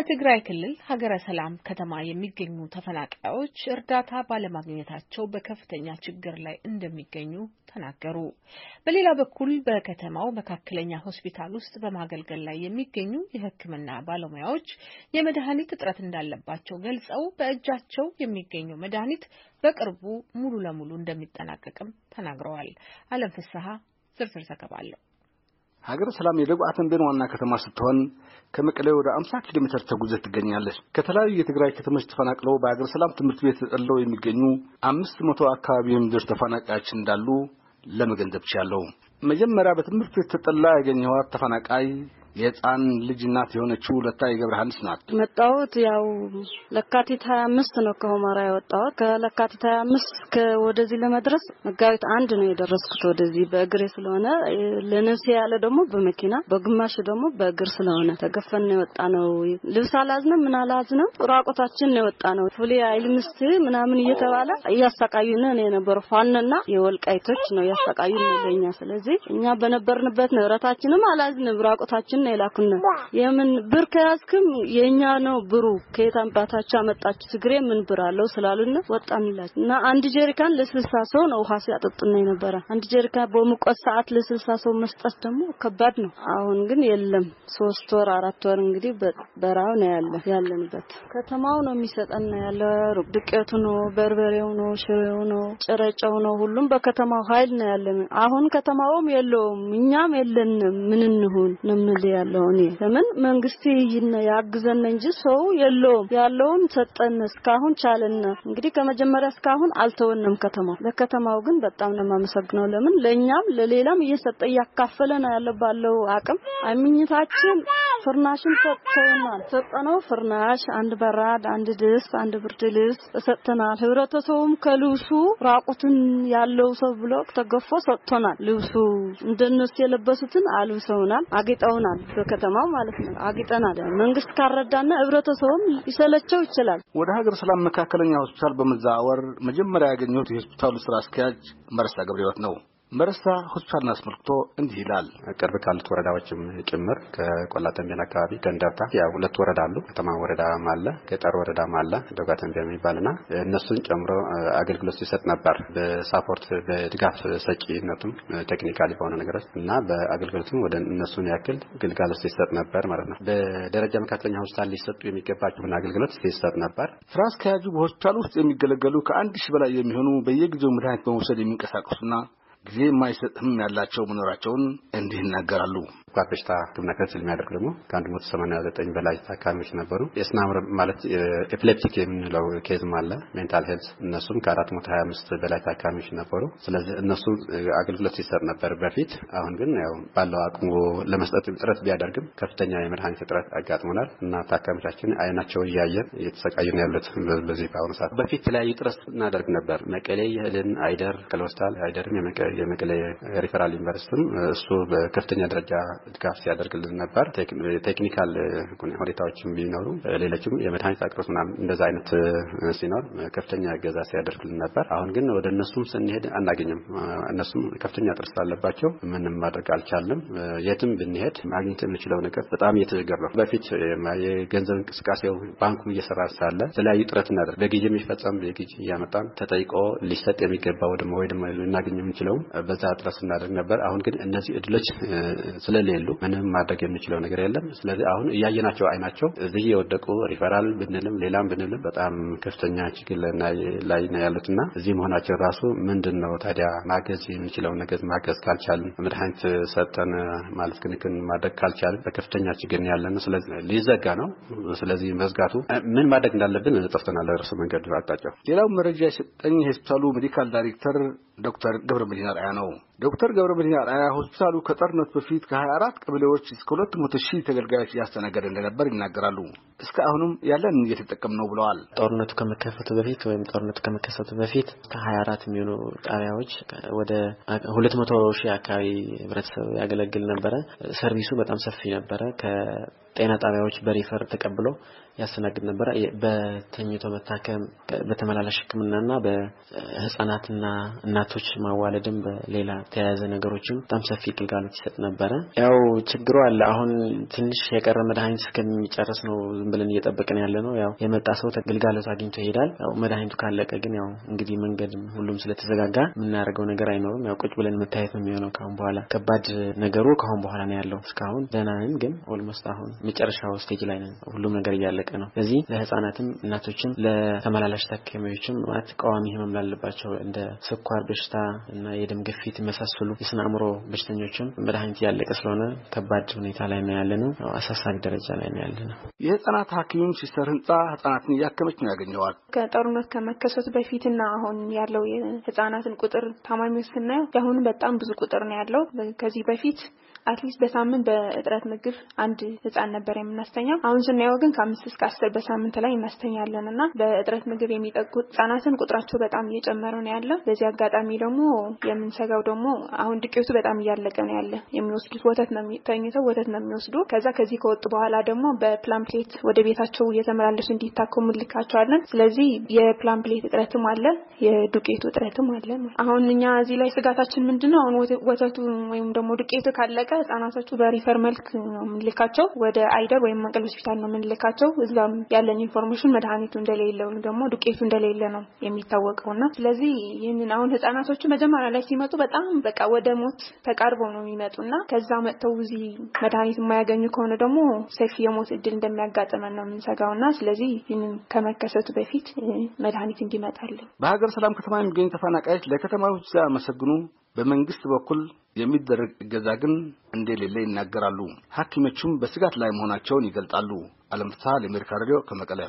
በትግራይ ክልል ሀገረ ሰላም ከተማ የሚገኙ ተፈናቃዮች እርዳታ ባለማግኘታቸው በከፍተኛ ችግር ላይ እንደሚገኙ ተናገሩ። በሌላ በኩል በከተማው መካከለኛ ሆስፒታል ውስጥ በማገልገል ላይ የሚገኙ የሕክምና ባለሙያዎች የመድኃኒት እጥረት እንዳለባቸው ገልጸው በእጃቸው የሚገኘው መድኃኒት በቅርቡ ሙሉ ለሙሉ እንደሚጠናቀቅም ተናግረዋል። አለም ፍስሐ ዝርዝር ዘገባ አለው። ሀገረ ሰላም የደቡብ አተንቤን ዋና ከተማ ስትሆን ከመቀሌ ወደ 50 ኪሎ ሜትር ተጉዘት ትገኛለች። ከተለያዩ የትግራይ ከተሞች ተፈናቅለው በሀገረ ሰላም ትምህርት ቤት ተጠልለው የሚገኙ አምስት መቶ አካባቢ የሚደርስ ተፈናቃዮች እንዳሉ ለመገንዘብ ችያለሁ። መጀመሪያ በትምህርት ቤት ተጠላ ያገኘኋት ተፈናቃይ የህፃን ልጅ እናት የሆነችው ሁለታ የገብረሃንስ ናት። መጣሁት ያው ለካቲት ሀያ አምስት ነው ከሆማራ ያወጣሁት። ከለካቲት ሀያ አምስት ወደዚህ ለመድረስ መጋቢት አንድ ነው የደረስኩት ወደዚህ በእግሬ ስለሆነ ለነፍሴ ያለ ደግሞ በመኪና በግማሽ ደግሞ በእግር ስለሆነ ተገፈን ነው የወጣ ነው። ልብስ አላዝንም ምን አላዝንም ራቆታችን ነው የወጣ ነው። ፉሊ አይል ምስት ምናምን እየተባለ እያሳቃዩን ነው የነበረው። ፋንና የወልቃይቶች ነው እያሳቃዩን ለኛ። ስለዚህ እኛ በነበርንበት ንብረታችንም አላዝንም ራቆታችን ምንድን ነው የላኩና የምን ብር ከያዝክም የኛ ነው ብሩ ከየት አምባታችሁ አመጣችሁ ትግሬ ምን ብር አለው ስላሉና ወጣንላችሁ እና አንድ ጀሪካን ለስልሳ ሰው ነው ውሃ ሲያጠጡና የነበረ አንድ ጀሪካን በሙቀት ሰዓት ለስልሳ ሰው መስጠት ደግሞ ከባድ ነው። አሁን ግን የለም ሶስት ወር አራት ወር እንግዲህ በራው ነው ያለ ያለንበት ከተማው ነው የሚሰጠን ያለ ዱቄቱ ነው በርበሬው ነው ሽሬው ነው ጭረጨው ነው ሁሉም በከተማው ኃይል ነው ያለን። አሁን ከተማውም የለውም እኛም የለንም ምን እንሁን ነው ያለው እኔ ለምን መንግስቴ ይነ ያግዘን እንጂ ሰው የለውም። ያለውን ሰጠን እስካሁን ቻለን። እንግዲህ ከመጀመሪያ እስካሁን አልተወንም። ከተማው ለከተማው ግን በጣም ነው የማመሰግነው። ለምን ለእኛም ለሌላም እየሰጠ እያካፈለ ነው ያለው ባለው አቅም አምኝታችን ፍርናሽን ሰጥተውናል። ሰጠነው ፍርናሽ፣ አንድ በራድ፣ አንድ ድስት፣ አንድ ብርድ ልብስ ሰጥተናል። ህብረተሰቡም ከልብሱ ራቁትን ያለው ሰው ብሎ ተገፎ ሰጥቶናል። ልብሱ እንደነሱ የለበሱትን አልብሰውናል፣ አጌጠውናል። በከተማው ማለት ነው አጌጠናል። መንግስት ካረዳና ህብረተሰቡም ሊሰለቸው ይችላል። ወደ ሀገር ሰላም መካከለኛ ሆስፒታል በመዛወር መጀመሪያ ያገኘሁት የሆስፒታሉ ስራ አስኪያጅ መርሳ ገብረህይወት ነው። መርሳ ሆስፒታልን አስመልክቶ እንዲህ ይላል። ቅርብ ካሉት ወረዳዎችም ጭምር ከቆላ ተንቤን አካባቢ ገንዳርታ ያው ሁለት ወረዳ አሉ። ከተማ ወረዳም አለ፣ ገጠር ወረዳም አለ ዶጋ ተንቤን የሚባልና እነሱን ጨምሮ አገልግሎት ሲሰጥ ነበር። በሳፖርት በድጋፍ ሰጪነቱም ቴክኒካሊ በሆነ ነገሮች እና በአገልግሎትም ወደ እነሱን ያክል ግልጋሎት ሲሰጥ ነበር ማለት ነው። በደረጃ መካከለኛ ሆስፒታል ሊሰጡ የሚገባቸውን አገልግሎት ሲሰጥ ነበር። ፍራስ ከያዙ በሆስፒታል ውስጥ የሚገለገሉ ከአንድ ሺህ በላይ የሚሆኑ በየጊዜው መድኃኒት በመውሰድ የሚንቀሳቀሱና ጊዜ የማይሰጥም ያላቸው መኖራቸውን እንዲህ ይናገራሉ። ስኳር በሽታ ህክምና ክትትል የሚያደርግ ደግሞ ከአንድ መቶ ሰማንያ ዘጠኝ በላይ ታካሚዎች ነበሩ። የስናምር ማለት ኤፕሌፕቲክ የምንለው ኬዝም አለ ሜንታል ሄልት እነሱም ከአራት መቶ ሀያ አምስት በላይ ታካሚዎች ነበሩ። ስለዚህ እነሱ አገልግሎት ሲሰጥ ነበር በፊት። አሁን ግን ያው ባለው አቅሙ ለመስጠት ጥረት ቢያደርግም ከፍተኛ የመድኃኒት እጥረት አጋጥሞናል እና ታካሚዎቻችን አይናቸው እያየን እየተሰቃዩ ነው ያሉት። በዚህ በአሁኑ ሰዓት በፊት የተለያዩ ጥረት እናደርግ ነበር። መቀሌ የህልን አይደር ከለሆስፒታል አይደርም የመቀሌ ሪፈራል ዩኒቨርሲቲም እሱ በከፍተኛ ደረጃ ድጋፍ ሲያደርግልን ነበር። ቴክኒካል ሁኔታዎችም ቢኖሩ ሌሎችም የመድኃኒት አቅርቦት ምናምን እንደዛ አይነት ሲኖር ከፍተኛ እገዛ ሲያደርግልን ነበር። አሁን ግን ወደ እነሱም ስንሄድ አናገኝም። እነሱም ከፍተኛ ጥርስ ስላለባቸው ምንም ማድረግ አልቻልም። የትም ብንሄድ ማግኘት የምንችለው ነገር በጣም እየተቸገር ነው። በፊት የገንዘብ እንቅስቃሴው ባንኩ እየሰራ ሳለ የተለያዩ ጥረት እናደርግ በጊዜ የሚፈጸም የጊዜ እያመጣን ተጠይቆ ሊሰጥ የሚገባው ደግሞ ወይ ደሞ ልናገኝ የምንችለውም በዛ ጥረት ስናደርግ ነበር። አሁን ግን እነዚህ እድሎች ስለሌ የሉ። ምንም ማድረግ የምንችለው ነገር የለም። ስለዚህ አሁን እያየናቸው አይናቸው እዚህ የወደቁ ሪፈራል ብንልም ሌላም ብንልም በጣም ከፍተኛ ችግር ላይ ነው ያሉት እና እዚህ መሆናቸው ራሱ ምንድን ነው ታዲያ ማገዝ የምንችለው ነገር ማገዝ ካልቻልን መድኃኒት ሰጠን ማለት ክንክን ማድረግ ካልቻልን በከፍተኛ ችግር ያለን ስለዚህ ሊዘጋ ነው። ስለዚህ መዝጋቱ ምን ማድረግ እንዳለብን ጠፍተናል። ረሱ መንገድ አቅጣጫው ሌላው መረጃ የሰጠኝ የሆስፒታሉ ሜዲካል ዳይሬክተር ዶክተር ገብረ መዲና ራያ ነው። ዶክተር ገብረ መዲና ራያ ሆስፒታሉ ከጦርነት በፊት ከ24 ቀበሌዎች እስከ 200 ሺህ ተገልጋዮች እያስተናገደ እንደነበር ይናገራሉ። እስከ አሁንም ያለን እየተጠቀም ነው ብለዋል። ጦርነቱ ከመከፈቱ በፊት ወይም ጦርነቱ ከመከሰቱ በፊት ከ24 የሚሆኑ ጣቢያዎች ወደ 200 ሺህ አካባቢ ህብረተሰብ ያገለግል ነበረ። ሰርቪሱ በጣም ሰፊ ነበረ። ከጤና ጣቢያዎች በሪፈር ተቀብሎ ያስተናግድ ነበረ። በተኝቶ መታከም፣ በተመላላሽ ህክምናና በህጻናትና እናት በእናቶች ማዋለድም በሌላ ተያያዘ ነገሮችም በጣም ሰፊ ግልጋሎት ይሰጥ ነበረ። ያው ችግሩ አለ። አሁን ትንሽ የቀረ መድኃኒት እስከሚጨርስ ነው ዝም ብለን እየጠበቅን ያለ ነው። ያው የመጣ ሰው ግልጋሎት አግኝቶ ይሄዳል። ያው መድኃኒቱ ካለቀ ግን ያው እንግዲህ መንገድ ሁሉም ስለተዘጋጋ የምናደርገው ነገር አይኖርም። ያው ቁጭ ብለን መታየት ነው የሚሆነው ካሁን በኋላ። ከባድ ነገሩ ካሁን በኋላ ነው ያለው። እስካሁን ደህና ነን፣ ግን ኦልሞስት አሁን መጨረሻው ስቴጅ ላይ ነን። ሁሉም ነገር እያለቀ ነው። ስለዚህ ለህጻናትም እናቶችም ለተመላላሽ ታካሚዎችም ማለት ቀዋሚ ህመም ላለባቸው እንደ ስኳር በሽታ እና የደም ግፊት የመሳሰሉ የስነ አእምሮ በሽተኞችም መድኃኒት እያለቀ ስለሆነ ከባድ ሁኔታ ላይ ነው ያለ ነው። አሳሳቢ ደረጃ ላይ ነው ያለ ነው። የህጻናት ሐኪም ሲስተር ህንጻ ህጻናትን እያከመች ነው ያገኘዋል። ከጦርነት ከመከሰት በፊትና አሁን ያለው የህጻናትን ቁጥር ታማሚዎች ስናየው አሁን በጣም ብዙ ቁጥር ነው ያለው ከዚህ በፊት አትሊስት በሳምንት በእጥረት ምግብ አንድ ህጻን ነበር የምናስተኛው። አሁን ስናየው ግን ከአምስት እስከ አስር በሳምንት ላይ እናስተኛለን እና በእጥረት ምግብ የሚጠቁ ህጻናትን ቁጥራቸው በጣም እየጨመረ ነው ያለ። በዚህ አጋጣሚ ደግሞ የምንሰጋው ደግሞ አሁን ዱቄቱ በጣም እያለቀ ነው ያለ። የሚወስዱት ወተት ነው ተኝተው ወተት ነው የሚወስዱ። ከዛ ከዚህ ከወጡ በኋላ ደግሞ በፕላምፕሌት ወደ ቤታቸው እየተመላለሱ እንዲታከሙ ልካቸዋለን። ስለዚህ የፕላምፕሌት እጥረትም አለ፣ የዱቄቱ እጥረትም አለ። አሁን እኛ እዚህ ላይ ስጋታችን ምንድን ነው? አሁን ወተቱ ወይም ደግሞ ዱቄቱ ካለቀ ካለቀ ህጻናቶቹ በሪፈር መልክ ነው የምንልካቸው ወደ አይደር ወይም መቀል ሆስፒታል ነው የምንልካቸው። እዛም ያለን ኢንፎርሜሽን መድኃኒቱ እንደሌለ ወይም ደግሞ ዱቄቱ እንደሌለ ነው የሚታወቀው እና ስለዚህ ይህንን አሁን ህጻናቶቹ መጀመሪያ ላይ ሲመጡ በጣም በቃ ወደ ሞት ተቃርበው ነው የሚመጡ እና ከዛ መጥተው እዚህ መድኃኒት የማያገኙ ከሆነ ደግሞ ሰፊ የሞት እድል እንደሚያጋጥመን ነው የምንሰጋው እና ስለዚህ ይህንን ከመከሰቱ በፊት መድኃኒት እንዲመጣልን በሀገር ሰላም ከተማ የሚገኙ ተፈናቃዮች ለከተማዎች ሲያመሰግኑ መሰግኑ በመንግስት በኩል የሚደረግ እገዛ ግን እንደሌለ ይናገራሉ። ሐኪሞቹም በስጋት ላይ መሆናቸውን ይገልጣሉ። አለም ፍስሐ ለአሜሪካ ሬዲዮ ከመቀለ